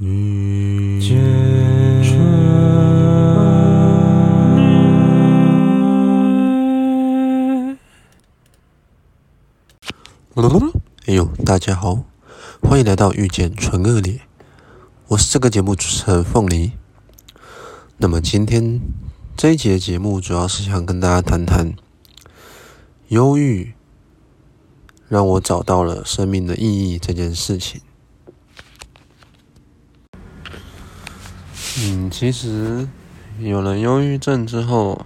遇見純。哎呦，大家好，歡迎來到遇見純惡劣，我是這個節目主持人鳳梨。那麼今天這一節節目主要是想跟大家談談憂鬱讓我找到了生命的意義這件事情。嗯，其實有了憂鬱症之後，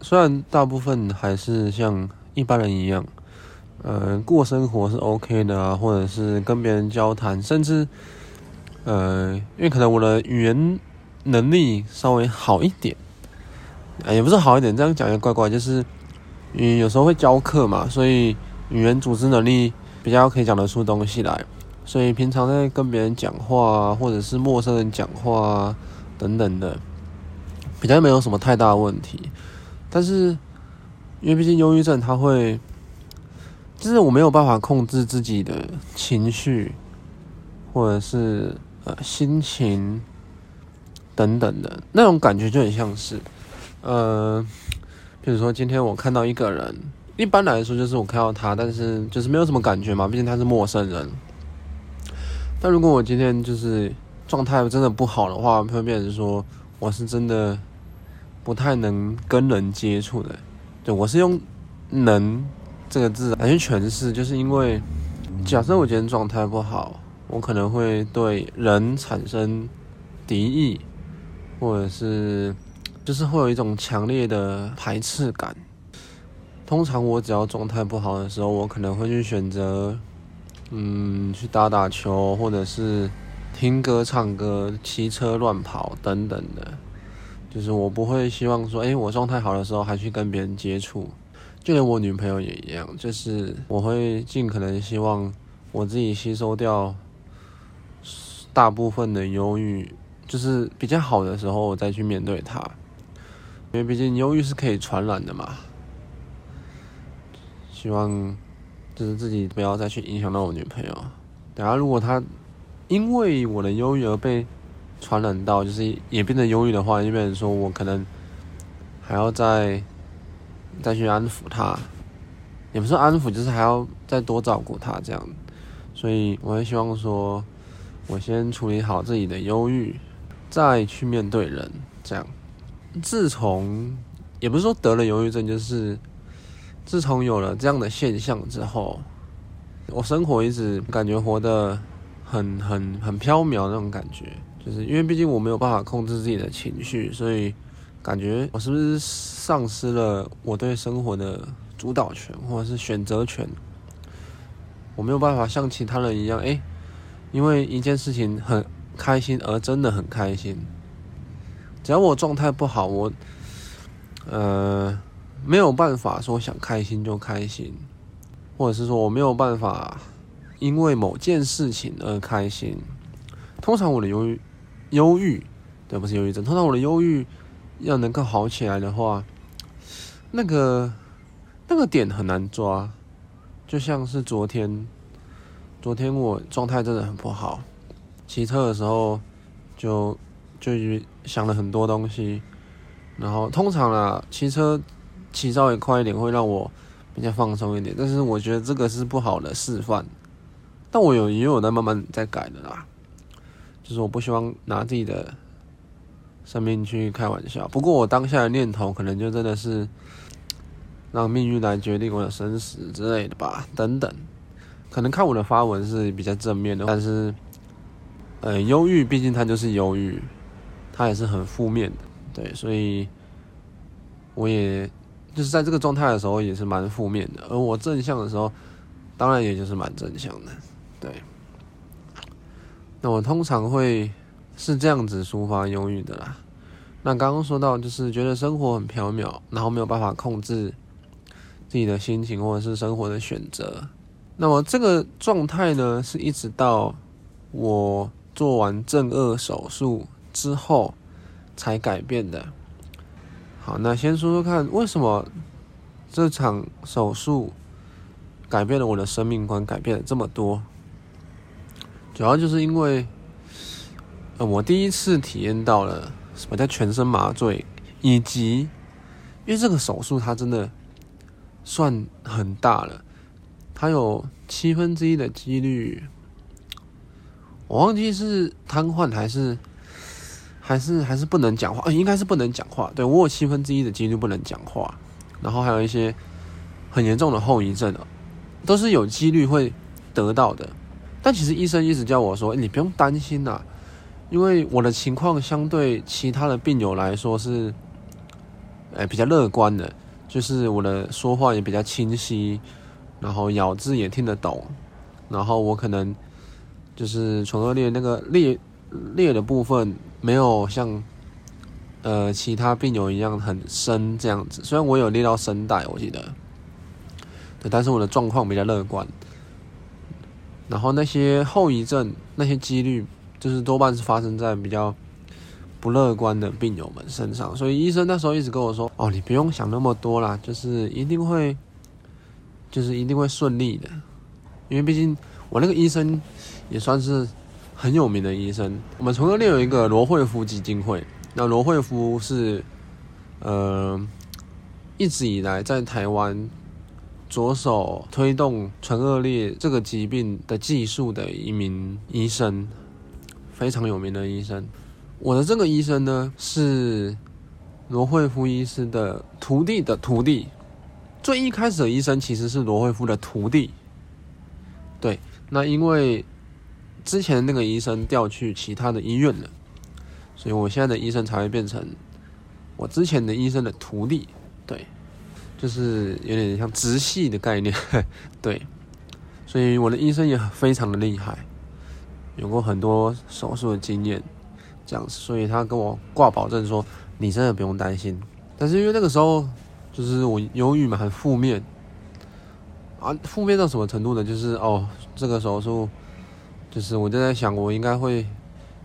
雖然大部分還是像一般人一樣，呃，過生活是 OK 的啊，或者是跟別人交談，甚至呃，因為可能我的語言能力稍微好一點，哎、欸，也不是好一點，這樣講也怪怪，就是嗯，有時候會教課嘛，所以語言組織能力比較可以講得出東西來。所以平常在跟別人講話，或者是陌生人講話等等的，比較沒有什麼太大的問題。但是，因為畢竟憂鬱症，它會就是我沒有辦法控制自己的情緒，或者是呃心情等等的，那種感覺就很像是，呃，比如說今天我看到一個人，一般來說就是我看到他，但是就是沒有什麼感覺嘛，畢竟他是陌生人。但如果我今天就是狀態真的不好的話，會不會變成說我是真的不太能跟人接觸的？對，我是用“能”這個字來去詮釋，就是因為假設我今天狀態不好，我可能會對人產生敵意，或者是就是會有一種強烈的排斥感。通常我只要狀態不好的時候，我可能會去選擇。嗯，去打打球，或者是聽歌、唱歌、騎車亂跑等等的，就是我不會希望說，哎、欸，我狀態好的時候還去跟別人接觸，就連我女朋友也一樣，就是我會盡可能希望我自己吸收掉大部分的憂鬱，就是比較好的時候我再去面對它，因為畢竟憂鬱是可以傳染的嘛，希望。就是自己不要再去影響到我女朋友。等下如果她因為我的憂鬱而被傳染到，就是也變得憂鬱的話，就變成說我可能還要再再去安撫她，也不是安撫，就是還要再多照顧她這樣。所以我也希望說，我先處理好自己的憂鬱，再去面對人。這樣，自從也不是說得了憂鬱症，就是。自從有了這樣的現象之後，我生活一直感覺活得很很很飄渺那種感覺，就是因為畢竟我沒有辦法控制自己的情緒，所以感覺我是不是喪失了我對生活的主導權或者是選擇權？我沒有辦法像其他人一樣，哎，因為一件事情很開心而真的很開心。只要我狀態不好，我，呃。沒有辦法說想開心就開心，或者是說我沒有辦法因為某件事情而開心。通常我的憂鬱，憂鬱，對，不是憂鬱症。通常我的憂鬱要能夠好起來的話，那個那個點很難抓。就像是昨天，昨天我狀態真的很不好，騎車的時候就就，就想了很多東西，然後通常啊，騎車。起稍微快一點會讓我比較放鬆一點，但是我覺得這個是不好的示範。但我有，也有在慢慢在改的啦,就是我不希望拿自己的生命去開玩笑。不過我當下的念頭可能就真的是讓命運來決定我的生死之類的吧。等等，可能看我的發文是比較正面的，但是，呃，憂鬱畢竟它就是憂鬱，它也是很負面的。對，所以我也。就是在這個狀態的時候，也是蠻負面的。而我正向的時候，當然也就是蠻正向的。對。那我通常會是這樣子抒發憂鬱的啦。那剛剛說到，就是覺得生活很飄渺，然後沒有辦法控制自己的心情或者是生活的選擇。那麼這個狀態呢，是一直到我做完正顎手術之後才改變的。好，那先說說看，為什麼這場手術改變了我的生命觀，改變了這麼多？主要就是因為，呃，我第一次體驗到了什麼叫全身麻醉，以及因為這個手術它真的算很大了，它有七分之一的幾率，我忘記是癱瘓還是。還是還是不能講話，欸、應該是不能講話。對我有七分之一的幾率不能講話，然後還有一些很嚴重的後遺症，都是有幾率會得到的。但其實醫生一直叫我說，欸、你不用擔心啦、啊，因為我的情況相對其他的病友來說是，誒、欸、比較樂觀的，就是我的說話也比較清晰，然後咬字也聽得懂，然後我可能就是唇齶裂那個裂裂的部分。沒有像，呃，其他病友一樣很深這樣子。雖然我有裂到聲帶，我記得，對，但是我的狀況比較樂觀。然後那些後遺症，那些幾率，就是多半是發生在比較不樂觀的病友們身上。所以醫生那時候一直跟我說：“哦，你不用想那麼多啦，就是一定會，就是一定會順利的。”因為畢竟我那個醫生也算是。很有名的醫生，我們唇腭裂有一個羅惠夫基金會。那羅惠夫是，嗯、呃，一直以來在台灣着手推動唇腭裂這個疾病的技術的一名醫生，非常有名的醫生。我的這個醫生呢，是羅惠夫醫師的徒弟的徒弟。最一開始的醫生其實是羅惠夫的徒弟。對，那因為。之前那個醫生調去其他的醫院了，所以我現在的醫生才會變成我之前的醫生的徒弟，對，就是有點像直系的概念，對。所以我的醫生也非常的厲害，有過很多手術的經驗，這樣，所以他跟我掛保證說，你真的不用擔心。但是因為那個時候就是我憂鬱嘛，很負面，啊，負面到什麼程度呢？就是哦，這個手術。就是，我就在想，我應該會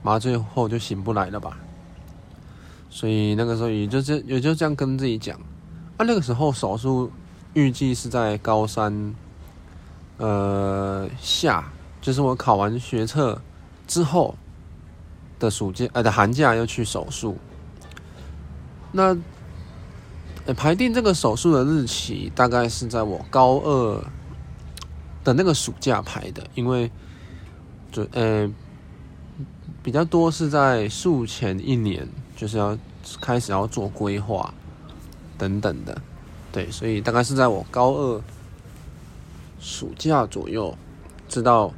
麻醉後就醒不來了吧？所以那個時候也就是也就這樣跟自己講。那那個時候手術預計是在高三呃下，就是我考完學測之後的暑假呃的寒假要去手術。那、欸、排定這個手術的日期，大概是在我高二的那個暑假排的，因為。就呃、欸、比較多是在術前一年，就是要開始要做規劃等等的，對，所以大概是在我高二暑假左右，知道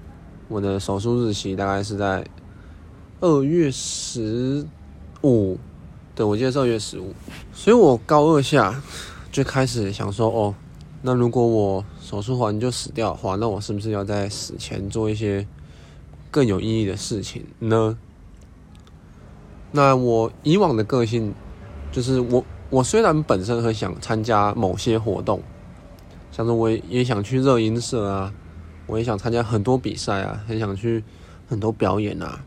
我的手術日期大概是在二月十五，對，我記得是二月十五，所以我高二下就開始想說，哦，那如果我手術完就死掉的話，那我是不是要在死前做一些更有意義的事情呢？那我以往的個性，就是我我雖然本身很想參加某些活動，像是我也也想去熱音社啊，我也想參加很多比賽啊，很想去很多表演啊，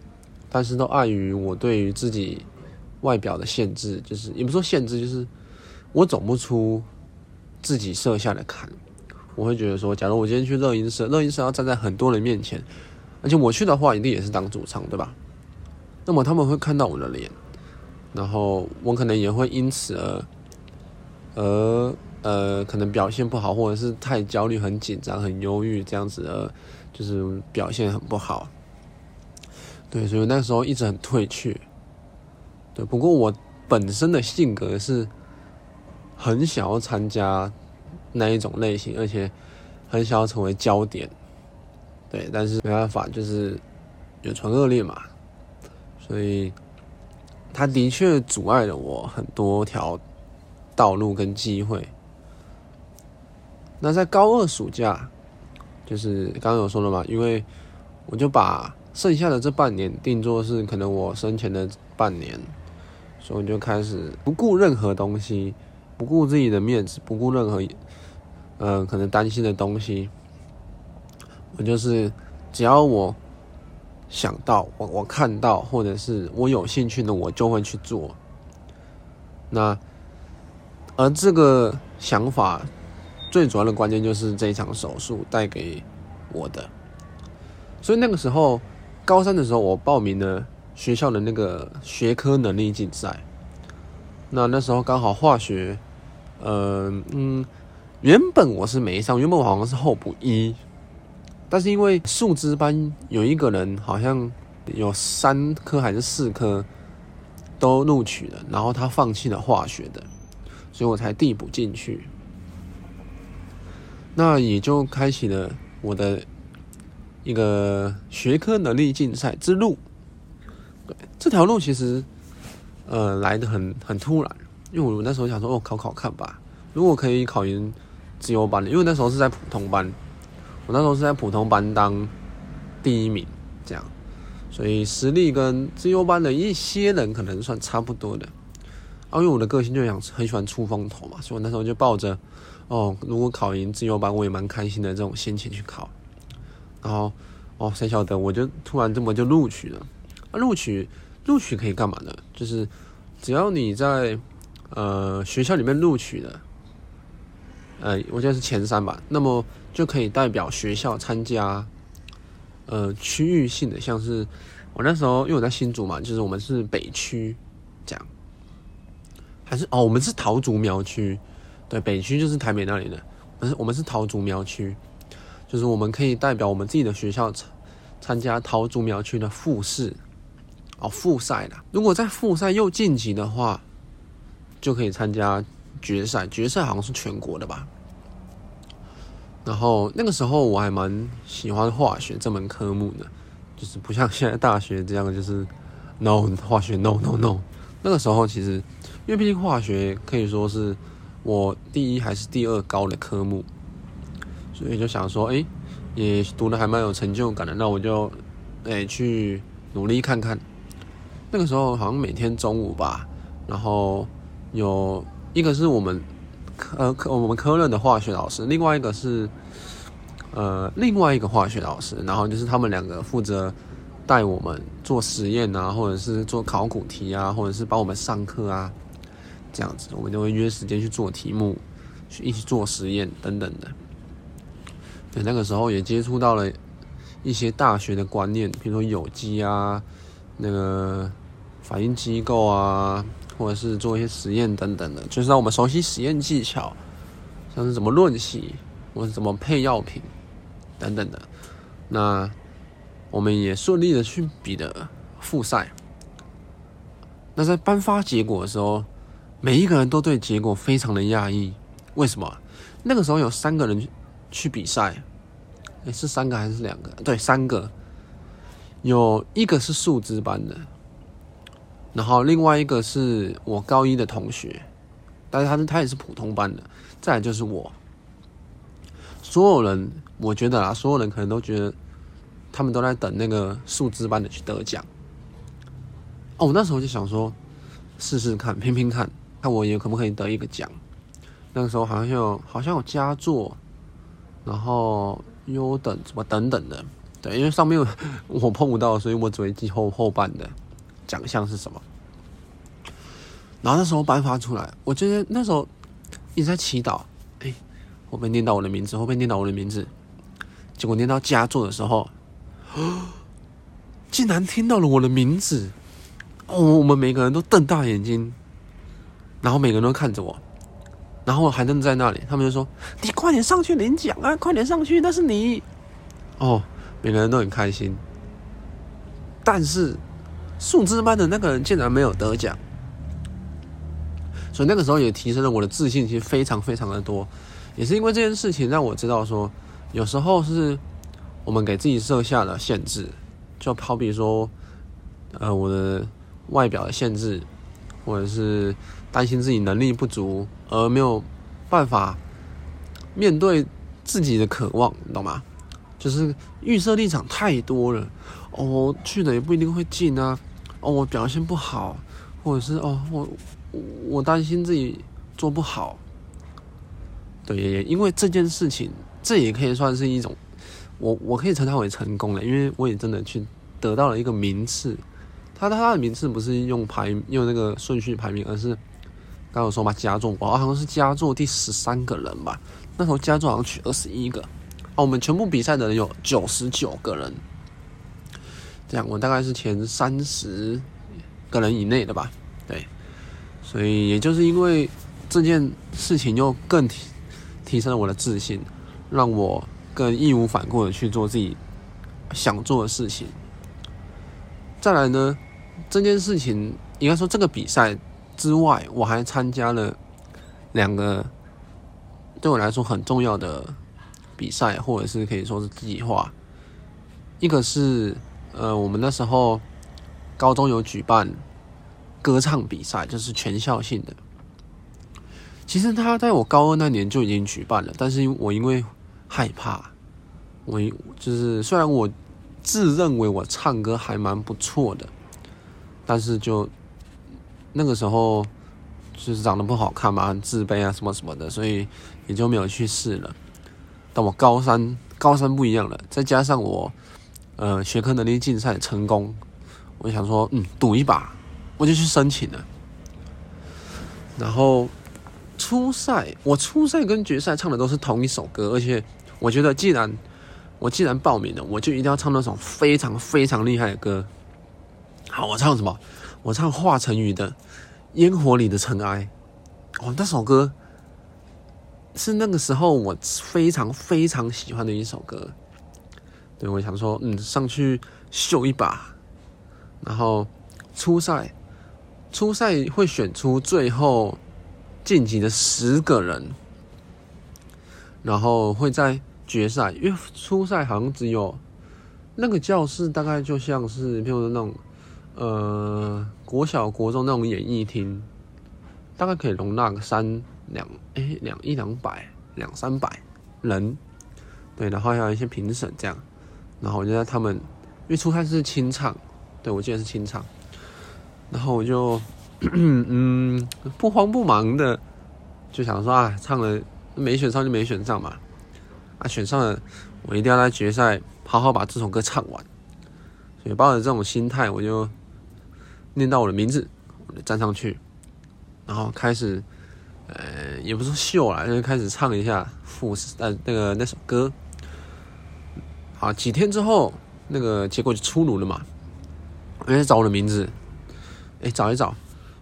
但是都礙於我對於自己外表的限制，就是也不說限制，就是我走不出自己設下的坎。我會覺得說，假如我今天去熱音社，熱音社要站在很多人面前。而且我去的話，一定也是當主唱，對吧？那麼他們會看到我的臉，然後我可能也會因此而，而呃，可能表現不好，或者是太焦慮、很緊張、很憂鬱這樣子，的就是表現很不好。對，所以我那時候一直很退去。對，不過我本身的性格是很想要參加那一種類型，而且很想要成為焦點。對，但是沒辦法，就是遺傳惡劣嘛，所以他的確阻礙了我很多條道路跟機會。那在高二暑假，就是剛剛有說了嘛，因為我就把剩下的這半年定做是可能我生前的半年，所以我就開始不顧任何東西，不顧自己的面子，不顧任何嗯、呃、可能擔心的東西。我就是，只要我想到，我我看到，或者是我有興趣的，我就會去做。那而這個想法最主要的關鍵就是這一場手術帶給我的。所以那個時候，高三的時候，我報名了學校的那個學科能力競賽。那那時候剛好化學，嗯、呃、嗯，原本我是沒上，原本我好像是候補一。但是因為數資班有一個人好像有三科還是四科都錄取了，然後他放棄了化學的，所以我才遞補進去。那也就開啟了我的一個學科能力競賽之路。對，這條路其實呃來得很很突然，因為我那時候想說哦考考看吧，如果可以考研自由班的，因為那時候是在普通班。我那時候是在普通班當第一名，這樣，所以實力跟資優班的一些人可能算差不多的。啊，因為我的個性就想很喜歡出風頭嘛，所以我那時候就抱着哦，如果考贏資優班，我也蠻開心的這種心情去考。然後，哦，誰曉得我就突然這麼就錄取了。啊？錄取，錄取可以幹嘛呢？就是只要你在呃學校裡面錄取的，呃，我覺得是前三吧。那麼就可以代表學校參加，呃，區域性的，像是我那時候，因為我在新竹嘛，就是我們是北區，這樣，還是哦，我們是桃竹苗區，對，北區就是台北那裡的，但是我們是桃竹苗區，就是我們可以代表我們自己的學校參參加桃竹苗區的複賽。哦，複賽的，如果在複賽又晉級的話，就可以參加決賽，決賽好像是全國的吧。然後那個時候我還蠻喜歡化學這門科目的，就是不像現在大學這樣，就是 no 化學 no no no, no。那個時候其實，因為畢竟化學可以說是我第一還是第二高的科目，所以就想說，哎，也讀得還蠻有成就感的，那我就哎去努力看看。那個時候好像每天中午吧，然後有一個是我們。呃，科我們科任的化學老師，另外一個是，呃，另外一個化學老師，然後就是他們兩個負責帶我們做實驗啊，或者是做考古題啊，或者是幫我們上課啊，這樣子，我們就會約時間去做題目，去一起做實驗等等的。對，那個時候也接觸到了一些大學的觀念，比如說有機啊，那個反應機構啊。或者是做一些實驗等等的，就是讓我們熟悉實驗技巧，像是怎麼潤洗，或是怎麼配藥品等等的。那我們也順利的去比的複賽。那在頒發結果的時候，每一個人都對結果非常的訝異。為什麼？那個時候有三個人去比賽，欸，是三個還是兩個？對，三個，有一個是數字班的。然後另外一個是我高一的同學，但是他是他也是普通班的。再來就是我，所有人我覺得啊，所有人可能都覺得他們都在等那個數字班的去得獎。哦，我那時候就想說，試試看，拼拼看看，試試看看我也可不可以得一個獎？那個時候好像有好像有佳作，然後優等什麼等等的，對，因為上面我碰不到，所以我只會記後後半的。獎項是什麼？然後那時候頒發出來，我覺得那時候一直在祈禱，哎、欸，我被念到我的名字，我被念到我的名字，結果念到佳作的時候，竟然聽到了我的名字！哦，我們每個人都瞪大眼睛，然後每個人都看着我，然後我還愣在那裡，他們就說：“你快點上去領獎啊，快點上去，那是你！”哦，每個人都很開心，但是。數字班的那個人竟然沒有得獎，所以那個時候也提升了我的自信，其實非常非常的多。也是因為這件事情讓我知道說，有時候是我們給自己設下了限制，就好比說，呃，我的外表的限制，或者是擔心自己能力不足而沒有辦法面對自己的渴望，你懂嗎？就是預設立場太多了，哦，去了也不一定會進啊。哦，我表現不好，或者是哦，我我擔心自己做不好。對耶耶，因為這件事情，這也可以算是一種，我我可以稱它為成功了，因為我也真的去得到了一個名次。他的他的名次不是用排用那個順序排名，而是剛剛我說嘛，佳作，我、哦啊、好像是佳作第十三個人吧？那時候佳作好像取二十一個，哦、啊，我們全部比賽的人有九十九個人。我大概是前三十個人以內的吧，對，所以也就是因為這件事情，又更提，提升了我的自信，讓我更義無反顧的去做自己想做的事情。再來呢，這件事情應該說，這個比賽之外，我還參加了兩個對我來說很重要的比賽，或者是可以說是自己畫，一個是。呃，我們那時候高中有舉辦歌唱比賽，就是全校性的。其實他在我高二那年就已經舉辦了，但是因為我因為害怕，我就是雖然我自認為我唱歌還蠻不錯的，但是就那個時候就是長得不好看嘛，自卑啊什麼什麼的，所以也就沒有去試了。但我高三、高三不一樣了，再加上我。呃，學科能力競賽成功，我想說，嗯，賭一把，我就去申請了。然後初賽，我初賽跟決賽唱的都是同一首歌，而且我覺得，既然我既然報名了，我就一定要唱那首非常非常厲害的歌。好，我唱什麼？我唱華晨宇的《煙火裡的塵埃》。哦，那首歌是那個時候我非常非常喜歡的一首歌。對，我想說，嗯，上去秀一把，然後初賽，初賽會選出最後晉級的十個人，然後會在決賽，因為初賽好像只有那個教室，大概就像是，譬如說那種，呃，國小、國中那種演藝廳，大概可以容納個三兩，哎，兩一兩百，兩三百人，對，然後還有一些評審這樣。然後我就在他們，因為初賽是清唱，對，我記得是清唱。然後我就咳咳，嗯，不慌不忙的就想說啊，唱了沒選上就沒選上嘛，啊，選上了，我一定要在決賽好好把這首歌唱完。所以抱着這種心態，我就念到我的名字，我就站上去，然後開始，呃，也不是秀啦，就是、開始唱一下副，呃，那個那首歌。啊，幾天之後那個結果就出爐了嘛？我、欸、找我的名字，哎、欸，找一找，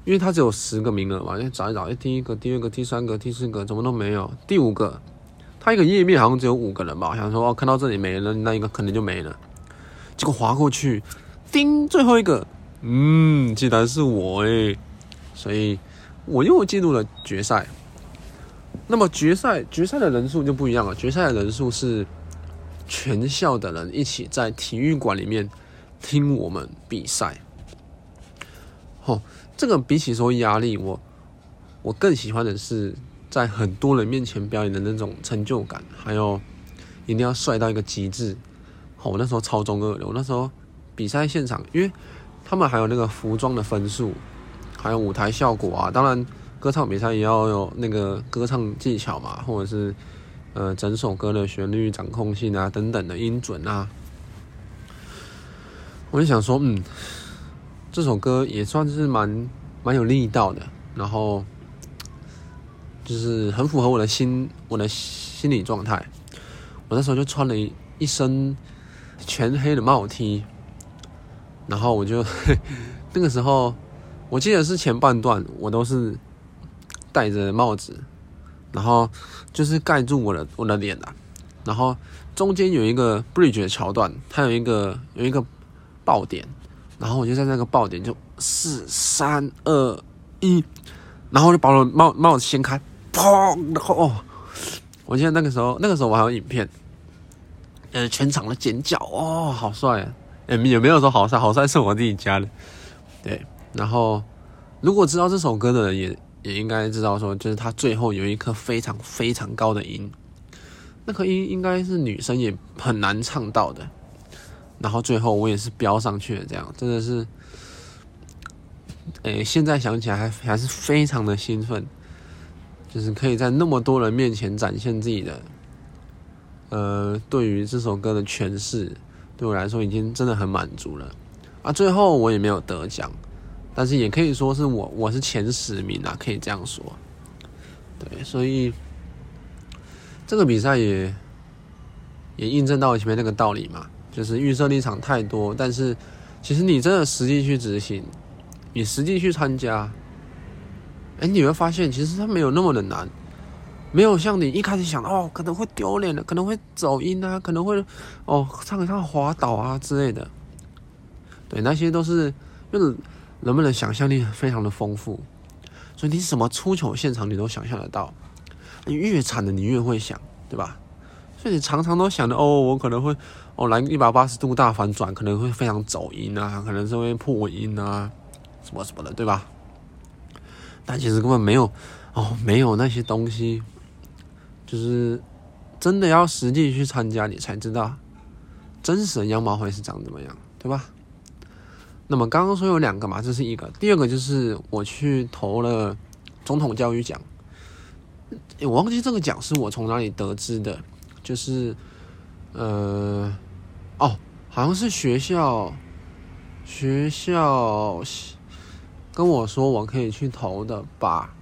因為他只有十個名額嘛、欸，找一找，哎、欸，第一個、第二個、第三個、第四個，怎麼都沒有，第五個，他一個頁面好像只有五個人吧，我想說哦，看到這裡沒了，那一個可能就沒了，結果劃過去，叮，最後一個，嗯，竟然是我哎、欸，所以我又進入了決賽。那麼決賽決賽的人數就不一樣了，決賽的人數是全校的人一起在體育館裡面聽我們比賽，吼、哦，這個比起說壓力，我我更喜歡的是在很多人面前表演的那種成就感，還有一定要帥到一個極致。吼、哦，那時候超中二流，那時候比賽現場，因為他們還有那個服裝的分數，還有舞台效果啊，當然歌唱比賽也要有那個歌唱技巧嘛，或者是。呃，整首歌的旋律掌控性啊，等等的音準啊，我就想說，嗯，這首歌也算是蠻蠻有力道的，然後就是很符合我的心我的心理狀態。我那時候就穿了一一身全黑的帽 T，然後我就 那個時候，我記得是前半段我都是戴着帽子。然後就是蓋住我的我的臉的啊，然後中間有一個 bridge 的橋段，它有一個有一個爆點，然後我就在那個爆點就四三二一，然後就把我帽帽子掀開，砰！然後哦，我記得那個時候那個時候我還有影片，呃，全場的尖叫哦，好帥！啊，誒，也沒有說好帥，好帥是我自己加的，對。然後如果知道這首歌的人也。也應該知道說，就是他最後有一顆非常非常高的音，那個音應該是女生也很難唱到的，然後最後我也是飆上去了，這樣真的是，哎，現在想起來還還是非常的興奮，就是可以在那麼多人面前展現自己的，呃，對於這首歌的詮釋，對我來說已經真的很滿足了。啊，最後我也沒有得獎。但是也可以說是我，我是前十名啊，可以這樣說。對，所以這個比賽也也印證到我前面那個道理嘛，就是預設立場太多，但是其實你真的實際去執行，你實際去參加，哎、欸，你會發現其實它沒有那麼的難，沒有像你一開始想哦，可能會丟臉的，可能會走音啊，可能會哦唱一唱滑倒啊之類的，對，那些都是就是人們的想象力非常的豐富，所以你什麼出糗現場你都想象得到，你越慘的你越會想，對吧？所以你常常都想的哦，我可能會，哦來一百八十度大反轉，可能會非常走音啊，可能是會破音啊，什麼什麼的，對吧？但其實根本沒有，哦沒有那些東西，就是真的要實際去參加你才知道，真實的樣貌會是長怎麼樣，對吧？那麼剛剛說有兩個嘛，這是一個，第二個就是我去投了總統教育獎，我忘記這個獎是我從哪裡得知的，就是，嗯、呃、哦，好像是學校學校跟我說我可以去投的吧，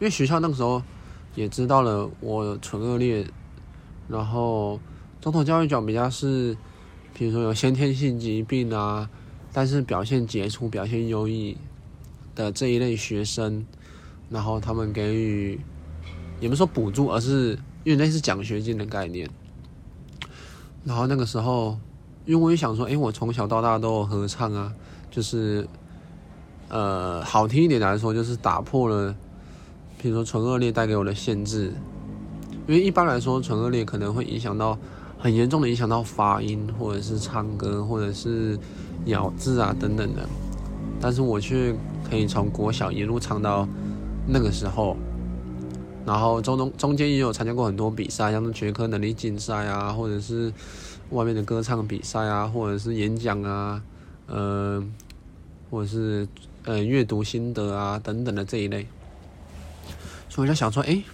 因為學校那個時候也知道了我唇顎裂，然後總統教育獎比較是，比如說有先天性疾病啊。但是表現傑出、表現優異的這一類學生，然後他們給予，也不是說補助，而是因為那是獎學金的概念。然後那個時候，因為我也想說，誒，我從小到大都有合唱啊，就是，呃，好聽一點來說，就是打破了，比如說唇顎裂帶給我的限制，因為一般來說唇顎裂可能會影響到很嚴重的影響到發音，或者是唱歌，或者是。咬字啊，等等的，但是我卻可以從國小一路唱到那個時候，然後中中中間也有參加過很多比賽，像是學科能力競賽啊，或者是外面的歌唱比賽啊，或者是演講啊，嗯、呃，或者是呃閱讀心得啊，等等的這一類，所以我就想說，哎、欸，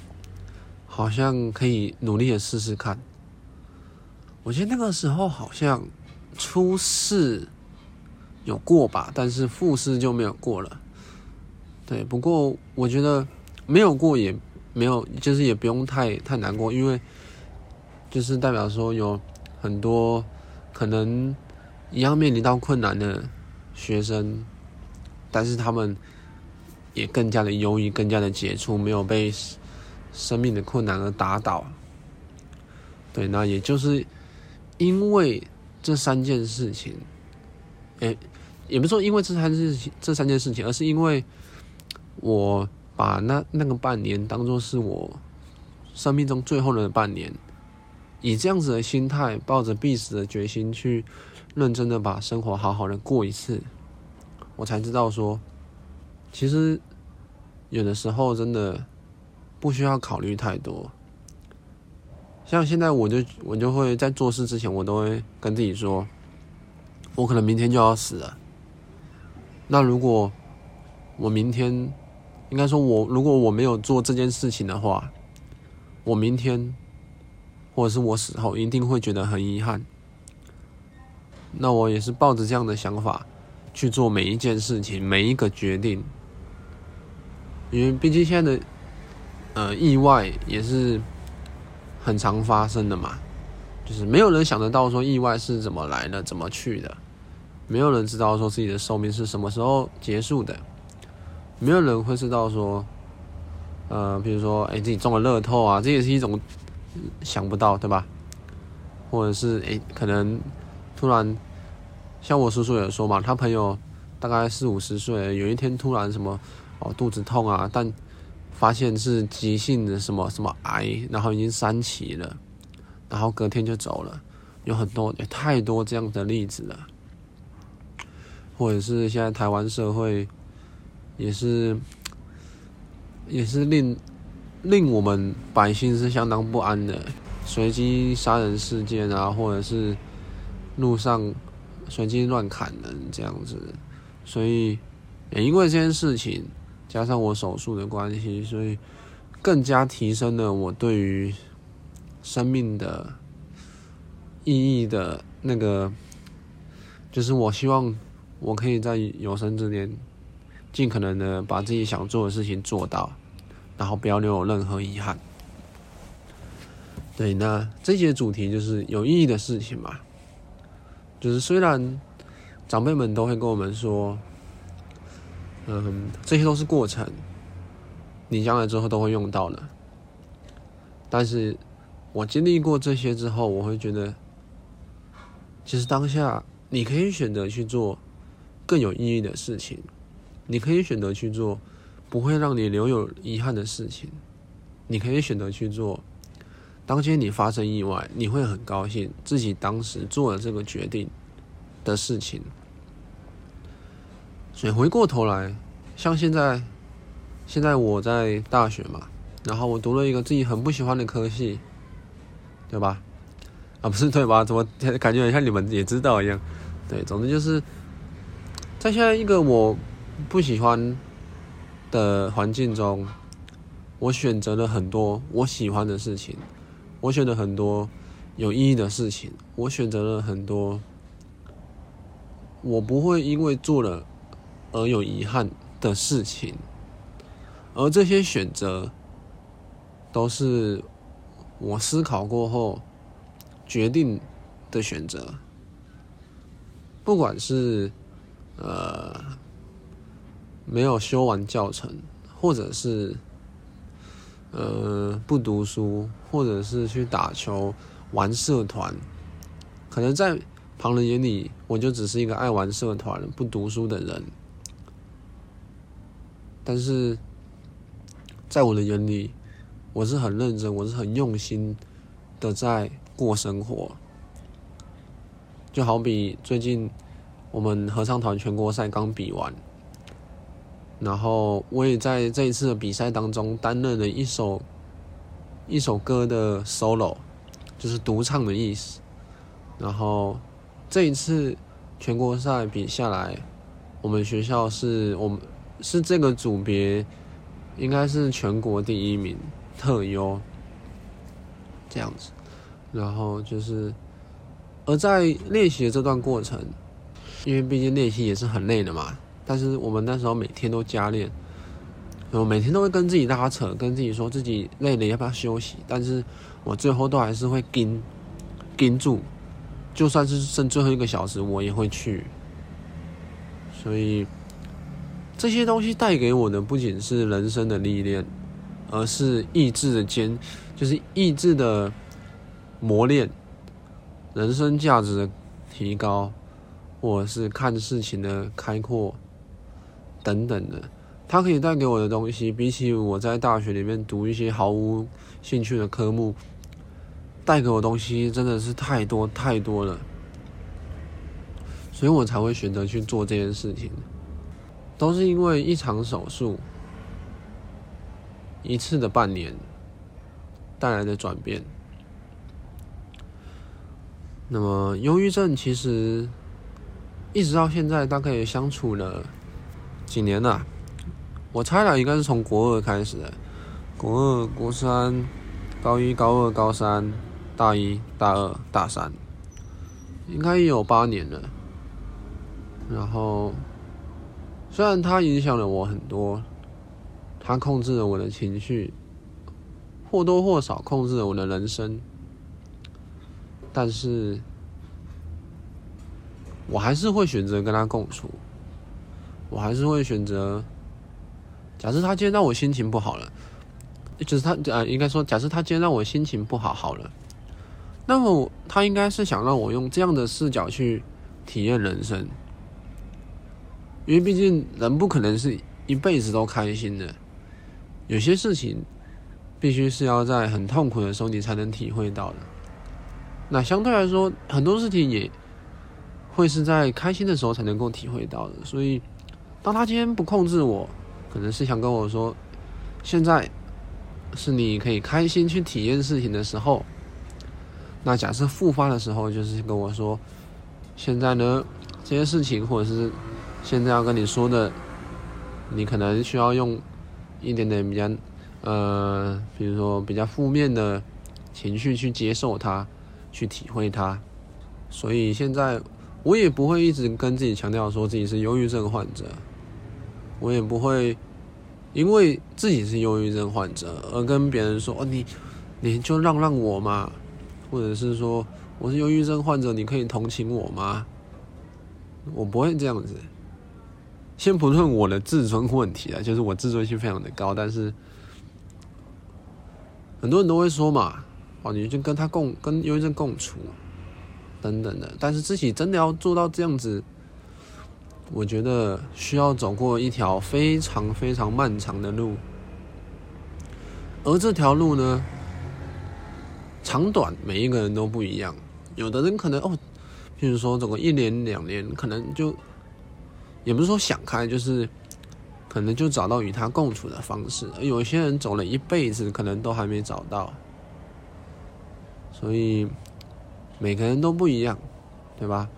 好像可以努力的試試看。我覺得那個時候好像初試，有過吧，但是複試就沒有過了。對，不過我覺得沒有過也沒有，就是也不用太太難過，因為就是代表說有很多可能一樣面臨到困難的學生，但是他們也更加的優異，更加的傑出，沒有被生命的困難而打倒。對，那也就是因為這三件事情，誒、欸也不是說因為這三件事情，這三件事情，而是因為，我把那那個半年當作是我，生命中最後的半年，以這樣子的心態，抱着必死的決心去認真的把生活好好的過一次，我才知道說，其實有的時候真的不需要考慮太多。像現在我就我就會在做事之前，我都會跟自己說，我可能明天就要死了。那如果我明天，應該說我，我如果我沒有做這件事情的話，我明天或者是我死後一定會覺得很遺憾。那我也是抱着這樣的想法去做每一件事情、每一個決定，因為畢竟現在的呃意外也是很常發生的嘛，就是沒有人想得到說意外是怎麼來的、怎麼去的。沒有人知道說自己的壽命是什麼時候結束的，沒有人會知道說，呃，比如說，哎、欸，自己中了樂透啊，這也是一種想不到，對吧？或者是哎、欸，可能突然，像我叔叔有說嘛，他朋友大概四五十歲，有一天突然什麼，哦，肚子痛啊，但發現是急性的什麼什麼癌，然後已經三期了，然後隔天就走了，有很多，欸、太多這樣的例子了。或者是現在台灣社會，也是，也是令令我們百姓是相當不安的，隨機殺人事件啊，或者是路上隨機亂砍人這樣子，所以也因為這件事情，加上我手術的關係，所以更加提升了我對於生命的意義的那個，就是我希望。我可以在有生之年，盡可能的把自己想做的事情做到，然後不要留有任何遺憾。對，那這些主題就是有意義的事情嘛。就是雖然長輩們都會跟我們說，嗯，這些都是過程，你將來之後都會用到的。但是我經歷過這些之後，我會覺得，其實當下你可以選擇去做。更有意義的事情，你可以選擇去做，不會讓你留有遺憾的事情，你可以選擇去做。當天你發生意外，你會很高興自己當時做了這個決定的事情。所以回過頭來，像現在，現在我在大學嘛，然後我讀了一個自己很不喜歡的科系，對吧？啊，不是對吧？怎麼感覺好像你們也知道一樣？對，總之就是。在現在一個我不喜歡的環境中，我選擇了很多我喜歡的事情，我選擇很多有意義的事情，我選擇了很多我不會因為做了而有遺憾的事情，而這些選擇都是我思考過後決定的選擇，不管是。呃，沒有修完教程，或者是呃不讀書，或者是去打球、玩社團，可能在旁人眼裡，我就只是一個愛玩社團、不讀書的人。但是，在我的眼裡，我是很認真，我是很用心的在過生活。就好比最近。我們合唱團全國賽剛比完，然後我也在這一次的比賽當中擔任了一首一首歌的 solo，就是獨唱的意思。然後這一次全國賽比下來，我們學校是我們是這個組別應該是全國第一名特優這樣子。然後就是而在練習的這段過程。因為畢竟練習也是很累的嘛，但是我們那時候每天都加練，我每天都會跟自己拉扯，跟自己說自己累了要不要休息，但是我最後都還是會撐撐住，就算是剩最後一個小時，我也會去。所以這些東西帶給我的不僅是人生的歷練，而是意志的堅，就是意志的磨練，人生價值的提高。或者是看事情的開闊，等等的，它可以帶給我的東西，比起我在大學裡面讀一些毫無興趣的科目，帶給我的東西真的是太多太多了，所以我才會選擇去做這件事情。都是因為一場手術，一次的半年帶來的轉變。那麼，憂鬱症其實。一直到現在，大概也相處了幾年了啊。我猜了，應該是從國二開始的，國二、國三、高一、高二、高三、大一、大二、大三，應該也有八年了。然後，雖然他影響了我很多，他控制了我的情緒，或多或少控制了我的人生，但是。我還是會選擇跟他共處，我還是會選擇。假設他今天讓我心情不好了，就是他呃，應該說，假設他今天讓我心情不好好了，那麼他應該是想讓我用這樣的視角去體驗人生，因為畢竟人不可能是一輩子都開心的，有些事情必須是要在很痛苦的時候你才能體會到的。那相對來說，很多事情也。會是在開心的時候才能夠體會到的，所以，當他今天不控制我，可能是想跟我說，現在是你可以開心去體驗事情的時候。那假設復發的時候，就是跟我說，現在呢，這些事情或者是現在要跟你說的，你可能需要用一點點比較，呃，比如說比較負面的情緒去接受它，去體會它。所以現在。我也不會一直跟自己強調說自己是憂鬱症患者，我也不會因為自己是憂鬱症患者而跟別人說，哦你你就讓讓我嘛，或者是說我是憂鬱症患者，你可以同情我嗎？我不會這樣子。先不論我的自尊問題啊，就是我自尊心非常的高，但是很多人都會說嘛，哦你就跟他共，跟憂鬱症共處。等等的，但是自己真的要做到這樣子，我覺得需要走過一條非常非常漫長的路，而這條路呢，長短每一個人都不一樣。有的人可能哦，譬如說走過一年兩年，可能就也不是說想開，就是可能就找到與他共處的方式；而有些人走了一輩子，可能都還沒找到，所以。每個人都不一樣，對吧？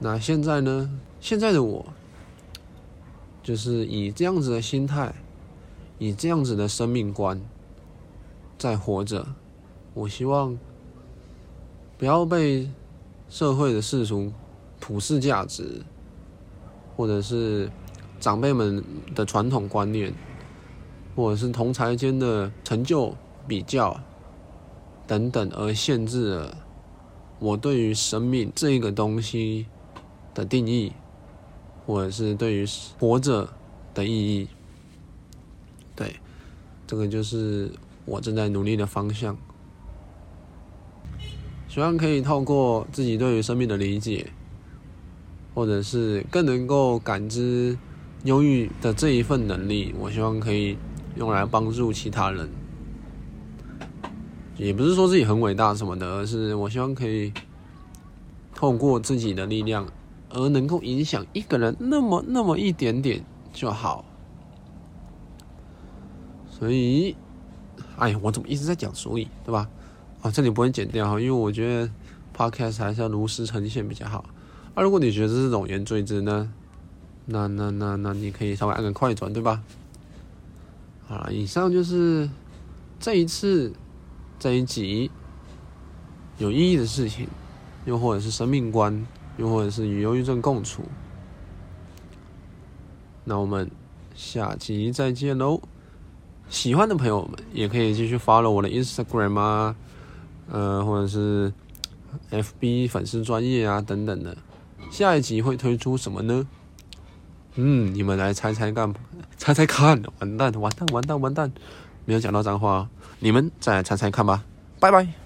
那現在呢？現在的我，就是以這樣子的心態，以這樣子的生命觀，在活着。我希望不要被社會的世俗、普世價值，或者是長輩們的傳統觀念，或者是同儕間的成就比較。等等，而限制了我對於生命這個東西的定義，或者是對於活着的意義。對，這個就是我正在努力的方向。希望可以透過自己對於生命的理解，或者是更能夠感知憂鬱的這一份能力，我希望可以用來幫助其他人。也不是說自己很偉大什麼的，而是我希望可以透過自己的力量，而能夠影響一個人那麼那麼一點點就好。所以，哎，我怎麼一直在講所以，對吧？啊，這裡不會剪掉哈，因為我覺得 podcast 還是要如實呈現比較好。啊，如果你覺得這種冗言贅字呢，那那那那你可以稍微按個快轉，對吧？好，以上就是這一次。這一集有意義的事情，又或者是生命觀，又或者是與憂鬱症共處。那我們下集再見嘍！喜歡的朋友們也可以繼續 follow 我的 Instagram 啊，呃，或者是 FB 粉絲專業啊等等的。下一集會推出什麼呢？嗯，你們來猜猜看，猜猜看！完蛋，完蛋，完蛋，完蛋！完蛋，沒有講到髒話。你們再來嘗嘗看吧，拜拜。